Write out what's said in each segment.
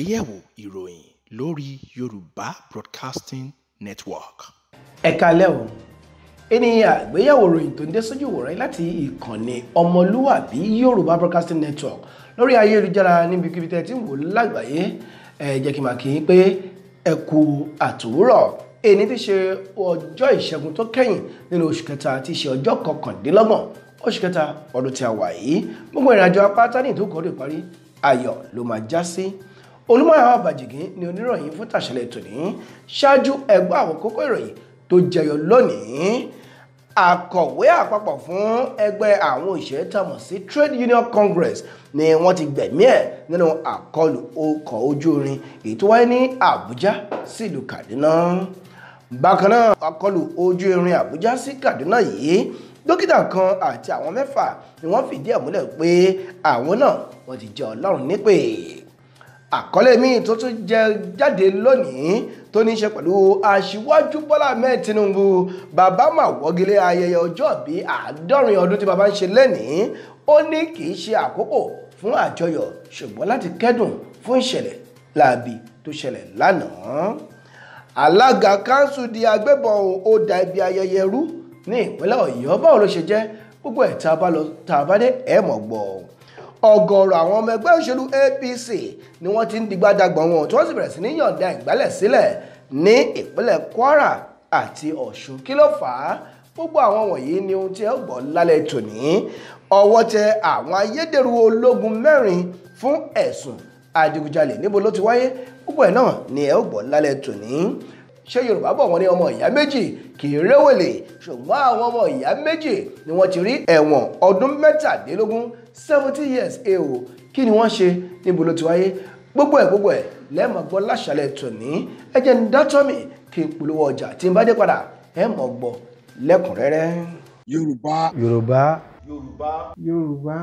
àgbéyẹ̀wò ìròyìn lórí yorùbá broadcasting network. ẹ kalẹ́ o ẹni àgbéyẹ̀wò ìròyìn tó ń dé sójú wòran láti ìkànnì ọmọlúwàbí yorùbá broadcasting network lórí ayélujára níbikíbi tẹ́ ti ń wò lágbàáyé ẹ jẹ́ kí n máa kí n pé ẹ kú àtòwúrọ̀ èyí ti ṣe ọjọ́ ìṣẹ́gun tó kẹ́yìn nínú oṣù kẹta ti ṣe ọjọ́ kọkàndínlọ́gbọ̀n oṣù kẹta ọdún tí a wà yìí gbogbo ìrìnàjò apáta ní ìdókòó rè parí ayọ̀ ló máa já sí olúmọ̀yàwó àbàjìgín ni oníròyìn fún tàṣẹlẹ̀ tòní ṣáájú ẹgbẹ́ àwọn kókó ìròyìn tó jẹyọ lónìí akọ̀wé àpapọ̀ fún ẹgbẹ́ àwọn òṣèré tàmọ̀ sí Trade Union Congress ni wọ́n ti gbẹ̀mí ẹ̀ nínú àkọlù ọkọ̀ ojú irin èyí tó wáyé ní Àbújá sílùú Kaduna bákan náà àkọlù ojú irin Àbújá sí Kaduna yìí dókítà kan àti àwọn mẹ́fà ni wọ́n fìdí ẹ̀ múlẹ̀ pé àwọn náà wọ́n ti jẹ́ Ọlọ́run nípè àkọlé míì tó tún jẹ jáde lónìí tó ní í ṣe pẹ̀lú aṣíwájú bọ́lá ahmed tinubu bàbá mà wọ́gilé ayẹyẹ ọjọ́ bí àádọ́rin ọdún tí bàbá ń ṣe lẹ́nìí ó ní kì í ṣe àkókò fún àjọyọ̀ ṣùgbọ́n láti kẹ́dùn fún ìṣẹ̀lẹ̀ láabi tó ṣẹlẹ̀ lánàá alága kanṣu di agbébọn ó da ibi ayẹyẹ rú ní ìpínlẹ̀ ọ̀yọ́ báwo ló ṣe jẹ́ gbogbo ẹ̀ tá a bá lọ tá a bá dé ẹ̀ mọ̀ gbọ́ ọ̀gọ̀ọ̀rọ̀ àwọn ọmọ ẹgbẹ́ òṣèlú APC ni wọ́n ti ń digbádàgbọ̀n wọn tí wọ́n sì bẹ̀rẹ̀ sí ní yọ̀ǹda ìgbálẹ̀ sílẹ̀ ní ìpínlẹ̀ Kwara àti Ọ̀ṣun kí ló fà á gbogbo àwọn wọ̀nyí ni ohun tí ẹ gbọ́ lálẹ́ tòní ọwọ́ tẹ àwọn ayédèrú ológun mẹ́rin fún ẹ̀sùn adigunjalè níbo ló ti wáyé gbogbo ẹ̀ náà ni ẹ gbọ́ lálẹ́ tòní ṣé yorùbá bọ̀ wọ́n ní ọmọ ìyá méjì kì í réwèlè ṣùgbọ́n àwọn ọmọ ìyá méjì ni wọ́n ti rí ẹ̀wọ̀n ọdún mẹ́tàdínlógún seventy years ẹ eh o kí ni wọ́n ṣe níbo ló ti wáyé gbogbo ẹ̀ gbogbo ẹ̀ lẹ́ẹ̀mọ̀ gbọ́ láṣàlẹ̀ tòní ẹ jẹ́ ń dátọ́mì kí n polówó ọjà tí n bá dé padà ẹ mọ̀ gbọ́ lẹ́kùnrẹ́rẹ́. yorùbá yorùbá yorùbá yorùbá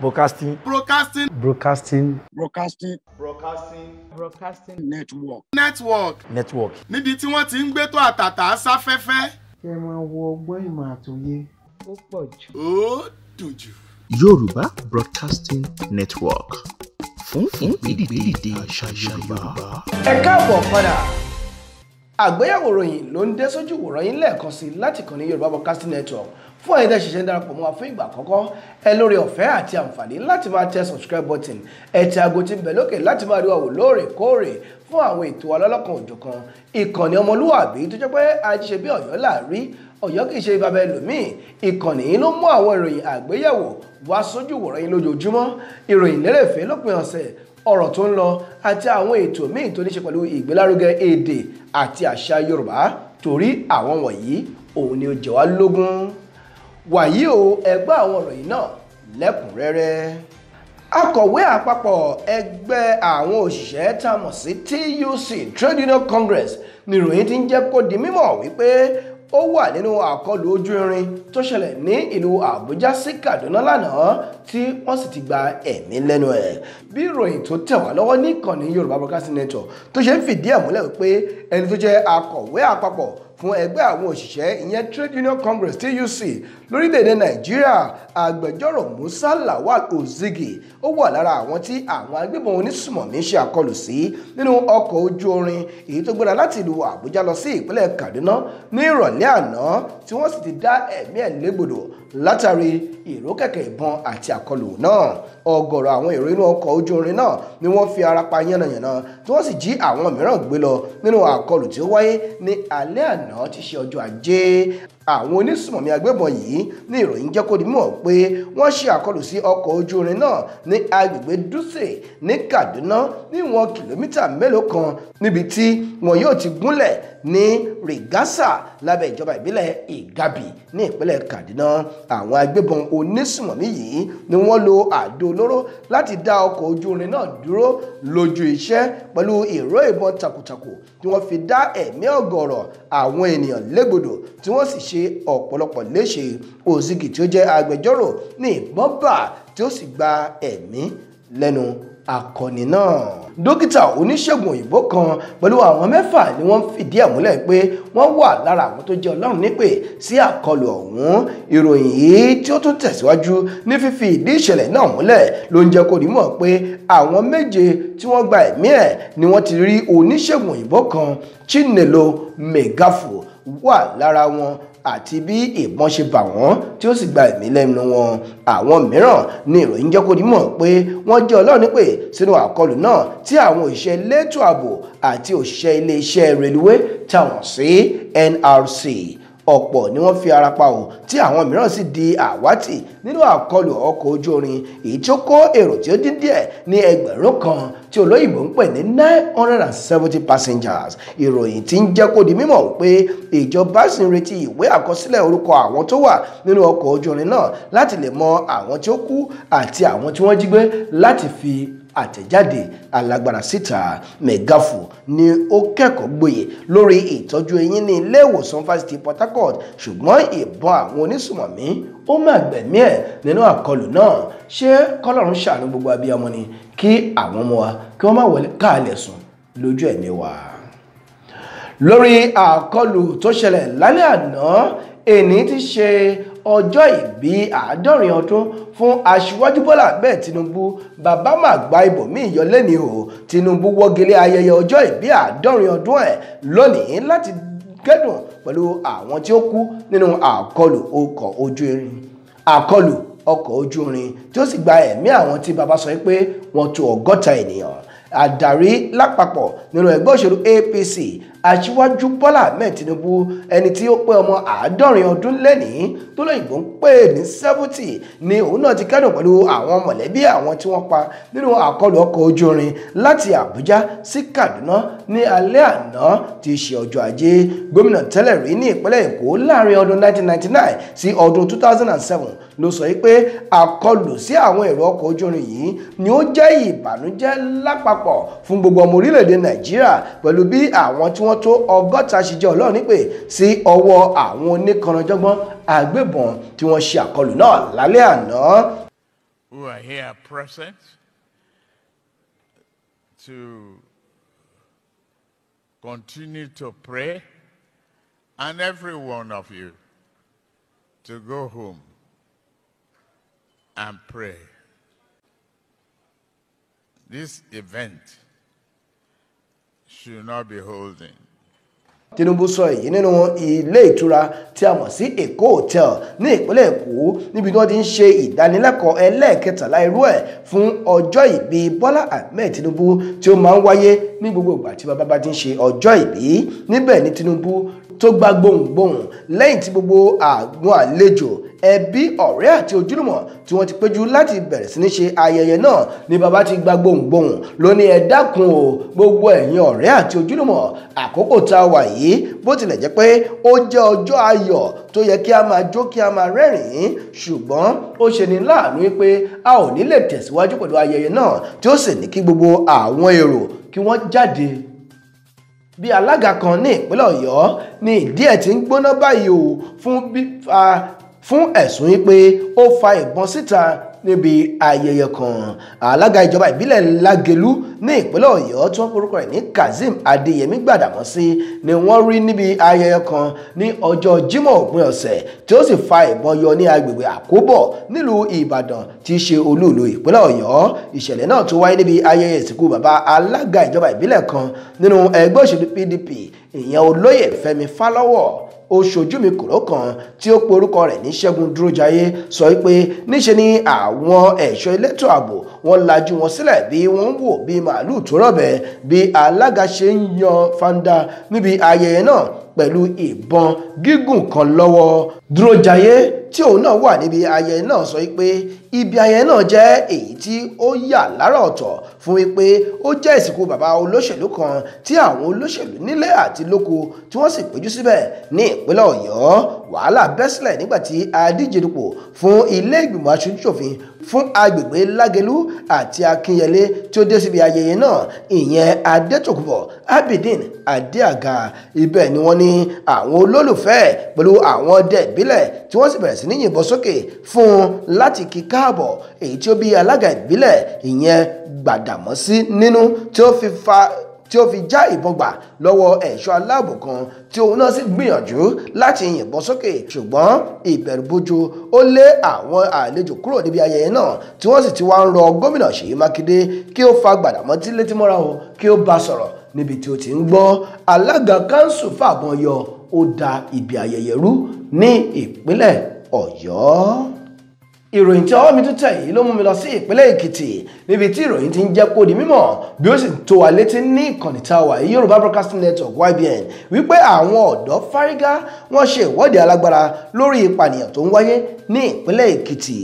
broadcasting broadcasting broadcasting broadcasting broadcasting network network network níbi tí wọ́n ti ń gbé tó àtàtà sáfẹ́fẹ́. kẹ́ ẹ máa wo ọgbọ́n ìmọ̀ àtòyé ó pọ̀ jù. ó dùn jù. Yorùbá Broadcasting Network fún ìgbèdìde àṣà Yorùbá. ẹ káàbọ̀ padà àgbéyẹ̀wò ròyìn ló ń dé sójú wòrán yín lẹ́ẹ̀kan sí láti kàn ní Yorùbá Broadcasting Network fún ẹ̀yin tẹ́ ṣẹ̀ṣẹ̀ ń darapọ̀ mọ́ wa fún ìgbà àkọ́kọ́ ẹ lórí ọ̀fẹ́ àti àǹfààní láti máa tẹ subscribe button ẹ tẹ aago tí ń bẹ lókè láti máa rí wa wò lóòrèkóòrè fún àwọn ètò ọlọ́lọ́kan òjọ̀kan ìkànnì ọmọlúwàbí tó jẹ́ pé ajíṣe bí ọ̀yọ́ là rí ọ̀yọ́ kìí ṣe bàbá ẹlòmíì ìkànnì yìí ló mú àwọn ìròyìn àgbéyẹ̀wò wá sójú wòrán yín lójoojúmọ́ ìròyìn lérèfé lópin ọ̀sẹ̀ ọ̀rọ̀ tó ń lọ àti àwọn ètò míì tó ní ṣe pẹ̀lú ìgbélárugẹ èdè àti àṣà Yorùbá torí àwọn wọ̀nyí òun ni ó jẹ wá lógún wàyí o ẹgbẹ́ àwọn ìròyìn náà lẹ́kùnrẹ́rẹ́ akọ̀wé àpapọ̀ ẹgbẹ́ àwọn òṣìṣẹ́ tá a mọ̀ sí TUC Trade Union Congress nìròyìn ti ń jẹ́ kó di mímọ̀ wípé ó wà nínú àkọlù ojú irin tó ṣẹlẹ̀ ní ìlú Àbújá sí Kaduna lánàá tí wọ́n sì ti gba ẹ̀mí lẹ́nu ẹ̀ bí ìròyìn tó tẹ̀ wá lọ́wọ́ ní ìkànnì Yorùbá Broadcasting Network tó ṣe ń fìdí ẹ̀ múlẹ̀ wípé ẹni tó jẹ́ akọ̀wé àpapọ̀ fún ẹgbẹ́ àwọn òṣìṣẹ́ ìyẹn Trade Union Congress TUC lórílẹ̀‐èdè Nàìjíríà agbẹjọ́rò Musa Lawal Ozigi ó wà lára àwọn tí àwọn agbébọn onísùmọ̀mí ṣe àkọlù sí nínú ọkọ̀ ojú orin èyí tó gbéra láti ìlú Àbújá lọ sí ìpínlẹ̀ Kaduna ní ìrọ̀lẹ́ àná tí wọ́n sì ti dá ẹ̀mí ẹ̀ légbodò látàrí ìró kẹ̀kẹ́ ìbọn àti àkọlù náà ọ̀gọ̀rọ̀ àwọn èrò inú ọkọ̀ ojú orin náà ni wọ́n fi ara pa yánnayànna tí wọ́n sì jí àwọn mìíràn gbé àná tí ṣe ọjọ́ ajé àwọn onísùmọ̀mí agbébọn yìí ní ìròyìn jẹ́ kó di mímọ̀ pé wọ́n ṣe àkọlù sí ọkọ̀ ojú irin náà ní agbègbè Dutse ní Kaduna níwọ̀n kìlómítà mélòó kan níbi tí wọn yóò ti gúnlẹ̀ ní Rigasa lábẹ́ ìjọba ìbílẹ̀ Igabi ní ìpínlẹ̀ Kaduna àwọn agbébọn onísùmọ̀mí yìí ni wọ́n lo àdó olóró láti dá ọkọ̀ ojú irin náà dúró lójú iṣẹ́ pẹ̀lú ìró ìbọn takuntakun tí wọ́n fi dá ẹ̀mí ọ̀gọ̀rọ̀ àwọn ènìyàn légbodò tí wọ́n sì ṣ ṣe ọ̀pọ̀lọpọ̀ léṣe Ozigi tí ó jẹ́ agbẹjọ́rò ní ìbọn bà tí ó sì gba ẹ̀mí lẹ́nu akọni náà. dókítà oníṣègùn òyìnbó kan pẹ̀lú àwọn mẹ́fà ni wọ́n fìdí ẹ̀ múlẹ̀ pé wọ́n wà lára àwọn tó jẹ́ ọlọ́run nípè sí àkọlù ọ̀hún ìròyìn yìí tí ó tún tẹ̀síwájú ní fífi ìdí ìṣẹ̀lẹ̀ náà múlẹ̀ ló ń jẹ́ kó ní mọ̀ pé àwọn méje tí wọ́n gba ẹ̀mí ẹ̀ ni wọ́n ti rí oníṣègùn òyìnbó kan Chinelo Megafu wà lára wọn àti bí ìbọn ṣe bà wọ́n tí ó sì gba ẹ̀mí lẹ́nu wọn àwọn mìíràn ni ìròyìn jẹ́ kó dimọ̀ pé wọ́n jẹ́ ọlọ́run nípè sínú àkọlù náà tí àwọn òṣìṣẹ́ elétò ààbò àti òṣìṣẹ́ iléeṣẹ́ rélùwé táwọn sí NRC ọ̀pọ̀ ni wọ́n fi ara pa ò tí àwọn mìíràn sì di àwátì nínú àkọlù ọkọ̀ ojú irin èyí tí ó kó èrò tí ó dín díẹ̀ ní ẹgbẹ̀rún kan tí olóyìnbó ń pè ní nine hundred and seventy passengers ìròyìn tí ń jẹ́ kó di mímọ̀ pé ìjọba sì ń retí ìwé àkọsílẹ̀ orúkọ àwọn tó wà nínú ọkọ̀ ojú irin náà láti lè mọ àwọn tí ó kú àti àwọn tí wọ́n jí gbé láti fi àtẹ̀jáde alágbára síta mẹ̀gáfù ni ó kẹ́kọ̀ọ́ gboyè lórí ìtọ́jú eyín ní ilé ìwòsàn fásitì Port Harcourt ṣùgbọ́n ìbọn àwọn onísùmọ̀mí ó mà gbẹ̀mí ẹ̀ nínú àkọlù náà ṣé kọ́lọ́run ṣàánú gbogbo abiyamọ ni kí àwọn ọmọ wa kí wọ́n má wọlé káàlẹ̀ sùn lójú ẹ̀mí wa lórí àkọlù tó ṣẹlẹ̀ lálẹ́ àná èní ti ṣe ọjọ́ ìbí àádọ́rin ọdún fún aṣíwájú bọ́lá bẹ́ẹ̀ tinubu bàbá máa gba ibòmíì yọ lẹ́ni o tinubu wọ́gilé ayẹyẹ ọjọ́ ìbí àádọ́rin ọdún ẹ̀ lónìí láti kẹ́dùn pẹ̀lú àwọn tí ó kú nínú àkọlù ọkọ̀ ojú irin àkọlù ọkọ̀ ojú irin tí ó sì gba ẹ̀mí àwọn tí bàbá sọ pé wọ́n tó ọgọ́ta ènìyàn àdarí lápapọ̀ nínú ẹgbẹ́ òṣèlú APC aṣíwájú bọ́lá ahmed tinubu ẹni tí ó pé ọmọ àádọ́rin ọdún lẹ́nìí tó lóyìnbó ń pè ní sẹ́fútì ni òun náà ti kẹ́dùn pẹ̀lú àwọn mọ̀lẹ́bí àwọn tí wọ́n pa nínú àkọlù ọkọ̀ ojú irin láti àbújá sí kaduna ní alẹ́ àná tí ṣe ọjọ́ ajé gómìnà tẹ́lẹ̀ rí ní ìpínlẹ̀ èkó láàrin ọdún 1999 sí ọdún 2007 ló sọ wípé àkọlù sí àwọn èrò ọkọ̀ ojú irin yìí ni ó jẹ́ ìbànújẹ́ lápapọ̀ fún gbogbo ọmọ orílẹ̀-èdè nàìjíríà pẹ̀lú bí àwọn tí wọ́n tó ọgọ́ta ṣìjẹ́ ọlọ́run sí ọwọ́ àwọn oníkanranjọ́gbọ́n agbébọn tí wọ́n ṣe àkọlù lálẹ́ àná. who are here present to continue to pray and every one of you to go home and pray. This event should not be holding. Tinubu sọ èyí nínú ilé ìtura tí a mọ̀ sí Èkó hotel ní ìpínlẹ̀ Èkó níbi tí wọ́n ti ń ṣe ìdánilẹ́kọ̀ọ́ ẹlẹ́ẹ̀kẹtàlá irú ẹ̀ fún ọjọ́ ìbí Bọ́lá Ahmed Tinubu tí ó máa ń wáyé ní gbogbo ìgbà tí bàbá bá ti ń ṣe ọjọ́ ìbí níbẹ̀ ní Tinubu tó gba gbohùngbohùn lẹ́yìn tí gbogbo àwọn àlejò ẹbí ọ̀rẹ́ àti ojúlùmọ̀ tí wọ́n ti péjú láti bẹ̀rẹ̀ sí ní ṣe ayẹyẹ náà ni bàbá ti gba gbohùngbohùn lóní ẹ dákun o gbogbo ẹ̀yin ọ̀rẹ́ àti ojúlùmọ̀ àkókò tá a wà yìí yìí bó tilẹ̀ jẹ́ pé ó jẹ́ ọjọ́ ayọ̀ tó yẹ kí a máa jó kí a máa rẹ́rìn-ín ṣùgbọ́n ó ṣe ni láàánú pé a ò ní lè tẹ̀síwájú pẹ̀lú ayẹyẹ náà tí ó sì ní kí gbogbo àwọn èrò kí wọ́n jáde bí alága kan ní ìpínlẹ̀ ọ̀yọ́ ni ìdí ẹ̀ ti ń gbóná báyìí o fún ẹ̀sùn yìí pé ó fa ìbọn síta níbi ayẹyẹ kan alága ìjọba ìbílẹ̀ lágelú ní ìpínlẹ̀ ọ̀yọ́ tí wọ́n porúkọ rẹ̀ ní kazeem adéyẹmí gbàdàmọ́sí ni wọ́n rí níbi ayẹyẹ kan ní ọjọ́ jímọ̀ òpin ọ̀sẹ̀ tí ó sì fa ìbọn yọ ní agbègbè àkóbọ̀ nílùú ìbàdàn tí í ṣe olúùlú ìpínlẹ̀ ọ̀yọ́ ìṣẹ̀lẹ̀ náà tó wáyé níbi ayẹyẹ ìsìnkú bàbá alága ìjọba ìbílẹ̀ kan nínú ẹgbẹ́ òṣèlú pdp ìyẹn olóyè fẹ́mi fálọ́wọ̀ ó ṣojú mi kòró kan tí ó pe orúkọ rẹ̀ ní Ṣẹ́gun Dúrójayé sọ wípé níṣe ni àwọn ẹ̀ṣọ́ elétò ààbò wọn lajú wọn sílẹ̀ bí wọ́n ń wò bí màálù tó rọ̀bẹ bí alága ṣe ń yan fanda níbi ayẹyẹ náà pẹ̀lú ìbọn gígùn kan lọ́wọ́ Dúrójayé tí òun náà wà níbi ayẹyẹ náà sọ pé ibi ayẹyẹ náà jẹ́ èyí tí ó yà lára ọ̀tọ̀ fún wípé ó jẹ́ ìsìnkú bàbá olóṣèlú kan tí àwọn olóṣèlú nílẹ̀ àti lóko tí wọ́n sì péjú síbẹ̀ ní ìpínlẹ̀ ọ̀yọ́ wàhálà bẹ́ sílẹ̀ nígbà tí adíje dupò fún ilé ìgbìmọ̀ aṣojú fún agbègbè lágelú àti akínyẹlé tí ó dé síbi ayẹyẹ náà ìyẹn adétòkùbọ̀ abidin adéàga ibẹ̀ ni wọ́n ní àwọn olólùfẹ́ pẹ̀lú àwọn ọdẹ ìbílẹ̀ tí wọ́n sì bẹ̀rẹ̀ sí ní yìnbọn sókè fún un láti kí káàbọ̀ èyí tí ó bí alága ìbílẹ̀ ìyẹn gbàdàmọ́sí nínú tí ó fi fa tí ó fi já ìbọn gbà lọ́wọ́ ẹ̀ṣọ́ aláàbò kan tí òun náà sì gbìyànjú láti yìnbọn sókè ṣùgbọ́n ìbẹ̀rùbojo ó lé àwọn àlejò kúrò níbi ayẹyẹ náà tí wọ́n sì ti wá ń rọ gómìnà Ṣèyí Mákindé kí ó fa Gbàdàmọ́tí létí mọ́ra o kí ó bá sọ̀rọ̀ níbi tí ó ti ń gbọ́ alága kanṣu fàbọn yọ ó da ibi ayẹyẹ rú ní ìpínlẹ̀ Ọ̀yọ́ ìròyìn tí ọwọ́ mi tún tẹ̀ yìí ló mú mi lọ sí ìpínlẹ̀ èkìtì níbi tí ìròyìn ti ń jẹ́ kó mímọ̀ bí ó sì tó wa létí ní ìkànnì táwa yorùbá broadcasting network ybn wípé àwọn ọ̀dọ́ fárígá wọ́n ṣe ìwọ́de alágbára lórí ìpànìyàn tó ń wáyé ní ìpínlẹ̀ èkìtì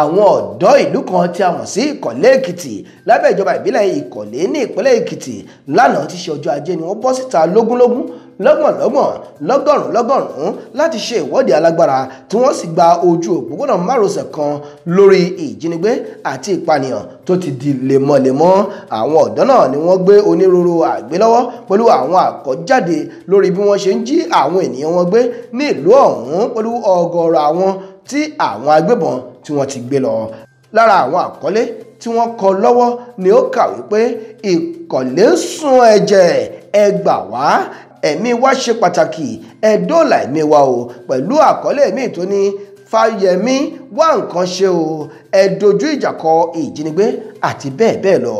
àwọn ọ̀dọ́ ìlú kan tí a mọ̀ sí ìkọ̀lé èkìtì lábẹ́ ìjọba ìbílẹ̀ ìkọ̀lé ní ìpínlẹ̀ èkìtì lánàá tí ṣe ọjọ́ ajé ni wọ́n bọ́ síta lógúnlógún lọ́gbọ̀nlọ́gbọ̀n lọ́gọ́rùn lọ́gọ́rùn láti ṣe ìwọ́de alágbára tí wọ́n sì gba ojú òpópónà márosẹ̀ kan lórí ìjínigbé àti ìpànìyàn tó ti di lemọ́lemọ́ àwọn ọ̀dọ́ náà ni wọ́n gbé onírúurú àgbélọ́wọ́ pẹ̀lú àwọn àkọ́jáde lórí bí wọ́n ṣe ń jí àwọn ènìyàn wọn gbé ní ìlú ọ̀hún pẹ̀lú ọgọ́rọ̀ àwọn tí àwọn agbébọn tí wọ́n ti gbé lọ lára àwọn àkọlé tí wọ́n kọ lọ́wọ́ ni ó kà wípé ìkọ̀lé ń sun ẹ̀jẹ̀ ẹ gbà wá ẹ̀mí wa ṣe pàtàkì ẹ dóòlà ẹ̀mí wa o pẹ̀lú àkọlé míì tó ní fáyẹmí wá nǹkan ṣe o ẹ dojú ìjà kọ ìjínigbé àti bẹ́ẹ̀ bẹ́ẹ̀ lọ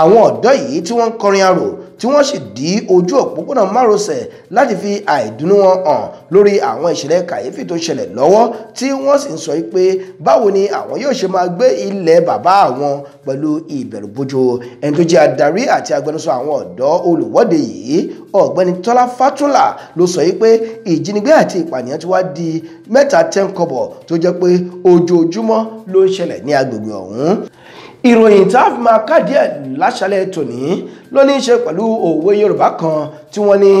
àwọn ọ̀dọ́ yìí tí wọ́n ń kọrin arò tí wọ́n sì dí ojú òpópónà márosẹ̀ láti fi àìdùnnú wọn hàn lórí àwọn ìṣẹ̀lẹ̀ kàyéfì tó ṣẹlẹ̀ lọ́wọ́ tí wọ́n sì ń sọ pé báwo ni àwọn yóò ṣe máa gbé ilẹ̀ bàbá àwọn pẹ̀lú ìbẹ̀rùbojo ẹni tó jẹ́ adarí àti agbẹnusọ àwọn ọ̀dọ́ olùwọ́de yìí ọ̀gbẹ́ni tọ́lá fátúnlà ló sọ pé ìjínigbé àti ìpànìyàn ti wá di mẹ́ta tẹ́ńkọ́bọ̀ tó jẹ́ pé ojoojúmọ́ ló ń ṣẹlẹ̀ ní agbègbè ọ̀hún ìròyìn tá a fi máa ká díẹ̀ láṣálẹ̀ tòní ló ní í ṣe pẹ̀lú òwe yorùbá kan tí wọ́n ní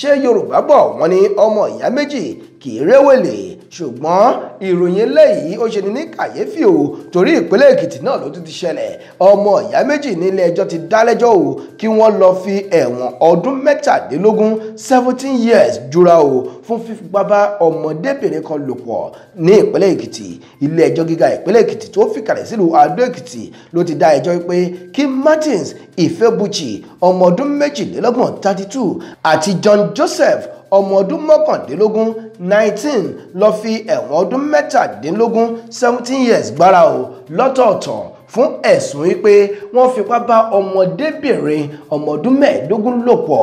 ṣé yorùbá bọ̀ wọ́n ní ọmọ ìyá méjì kì í réwèlè ṣùgbọ́n ìròyìn eléyìí ó ṣe ni ní kàyéfì o torí ìpínlẹ̀ èkìtì náà ló tún ti ṣẹlẹ̀ ọmọ ìyá méjì nílé ẹjọ́ ti dálẹ́jọ́ o kí wọ́n lọ fi ẹ̀wọ̀n ọdún mẹ́tàdínlógún seventeen years jura o fún fífipábá ọmọdébìnrin kan lò pọ̀ ní ìpínlẹ̀ èkìtì ilé ẹjọ́ gíga ìpínlẹ̀ èkìtì tó fìkàlẹ̀ sílùú adó èkìtì ló ti dá ẹjọ́ pé kí martins ifebuchi ọmọ ọdún méjìlélọ́gbọ̀n thirty two àti john joseph ọmọ ọdún mọ́kàndínlógún nineteen lọ fi ẹ̀wọ̀n ọdún mẹ́tàdínlógún seventeen years gbára o lọ́tọ̀ọ̀tọ̀ fún ẹ̀sùn wípé wọ́n fipá bá ọmọdébìnrin ọmọ ọdún mẹ́ẹ̀ẹ́dógún lò pọ̀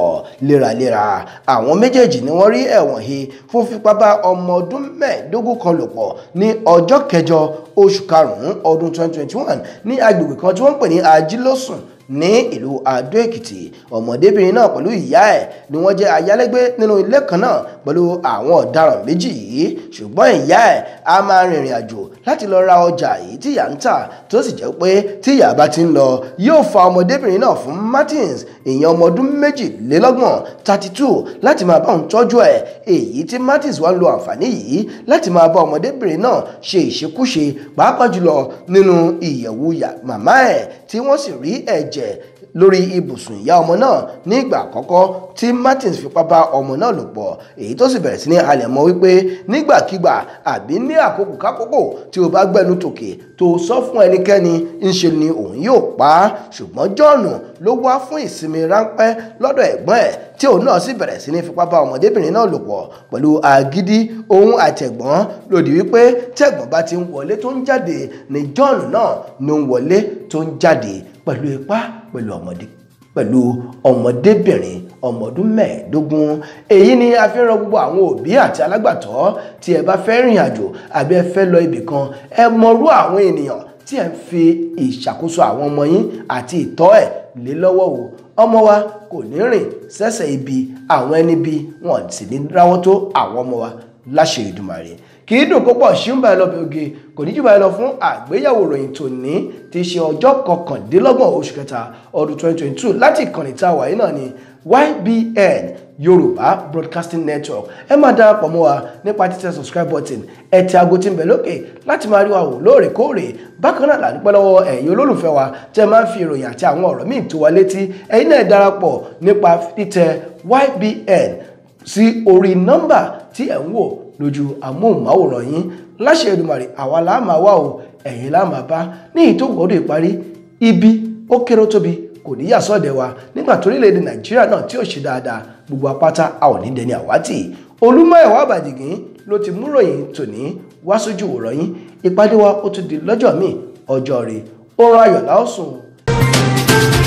léraléra àwọn méjèèjì ni wọ́n rí ẹ̀wọ̀n he fún fipá bá ọmọ ọdún mẹ́ẹ̀ẹ́dógún kan lò pọ̀ ní ọjọ́ kẹjọ oṣù karùn-ún ọdún twenty twenty one ní agbègbè kan tí wọ́n ń pè ní ajílọ́sùn ní ìlú Adó Èkìtì ọmọdébìnrin náà pẹ̀lú ìyá ẹ̀ ni wọ́n jẹ́ ayálégbé nínú ilé kan náà pẹ̀lú àwọn ọ̀daràn méjì yìí ṣùgbọ́n ìyá ẹ̀ a máa rìnrìn àjò láti lọ ra ọjà yìí tí ìyá ń tà tó sì jẹ́ pé tí ìyá bá ti ń lọ yóò fa ọmọdébìnrin náà fún Martins ìyẹn ọmọ ọdún méjìlélọ́gbọ̀n thirty two láti máa bá òun tọ́jú ẹ̀ èyí tí Martins wá lo àǹfààní yìí láti máa bá ọmọdébìnrin náà ṣe ìṣekúṣe pàápàá jùlọ nínú ìyẹ̀wù màmá ẹ̀ tí wọ́n sì rí ẹ̀jẹ̀ ẹ̀jẹ̀ lórí ibùsùn ìyá ọmọ náà ní ìgbà àkọ́kọ́ tí Martins fipá bá ọmọ náà lò pọ̀ èyí tó sì bẹ̀rẹ̀ sí ní halẹ̀ mọ́ wípé nígbàkigbà àbí ní àkókò kákókò tí o bá gbẹnu tòkè tó sọ fún ẹnikẹ́ni ńṣe ni òun yóò pa á ṣùgbọ́n John ló wá fún ìsinmi ráńpẹ́ lọ́dọ̀ ẹ̀gbọ́n ẹ̀ tí òun náà sì bẹ̀rẹ̀ sí ní fipá bá ọmọdébìnrin náà lò pọ̀ pẹ̀lú agídí òun àtẹ̀gbọ́n lòdì wípé tẹ̀gbọ́n bá ti ń wọlé tó ń jáde ní John náà ló ń wọlé tó ń jáde pẹ̀lú ipá pẹ̀lú ọmọdé pẹ̀lú ọmọdébìnrin ọmọ ọdún mẹ́ẹ̀ẹ́dógún èyí ni a fi ń rọ gbogbo àwọn òbí àti alágbàtọ́ tí ẹ bá fẹ́ rìn àjò àbí ẹ fẹ́ lọ ibì kan ẹ mọrú àwọn ènìyàn tí ẹ ń fi ìṣàkóso àwọn ọmọ yín àti ìtọ́ ẹ̀ lé lọ́wọ́ o ọmọ wa kò ní rìn sẹ́sẹ̀ ibi àwọn ẹni bí wọn sì ní ráwọ́ tó àwọn ọmọ wa láṣẹ Èdùmàrè kì í dùn kó pọ̀ ṣùgbọ́n ẹ lọ bí oge kò ní jùbọ̀ ẹ lọ fún àgbéyẹ̀wò ìròyìn tòní ti ṣe ọjọ́ kọkàndínlọ́gbọ̀n oṣù kẹta ọdún 2022 láti ìkànnì tá a wà yìí náà ni YBN Yorùbá Broadcasting Network ẹ máa darapọ̀ mọ́ wa nípa títẹ subscribe button ẹ tẹ aago tí ń bẹ lókè láti máa rí wa wò lóòrèkóòrè bákan náà la dúpẹ́ lọ́wọ́ ẹ̀yin olólùfẹ́ wa tẹ́ máa ń fi ìròyìn àti àwọn ọ̀rọ̀ míì tó wa létí ẹ̀yin náà darapọ̀ nípa títẹ YBN sí orí nọ́mbà tí ẹ̀ ń wò lójú amóhùnmáwòrán yín láṣẹ Èdùmàrè àwa la máa wà o ẹ̀yin la máa bá ní ìtòkòdò ìparí ibi ó kéré tóbi kò ní yàsọ́ọ̀dẹ̀ wa nígbà torílẹ̀-èdè nàìjíríà náà tí ò ṣe dáadáa gbogbo apáta a ò ní dẹni àwátì olúmọ̀ẹ̀wá àbàdìgín ló ti mú ròyìn tòní wá sójú òrọ̀ yín ìpàdé wa ó tún di lọ́jọ́ míì ọjọ́ rẹ̀ ó rán ayọ̀ láòsùn.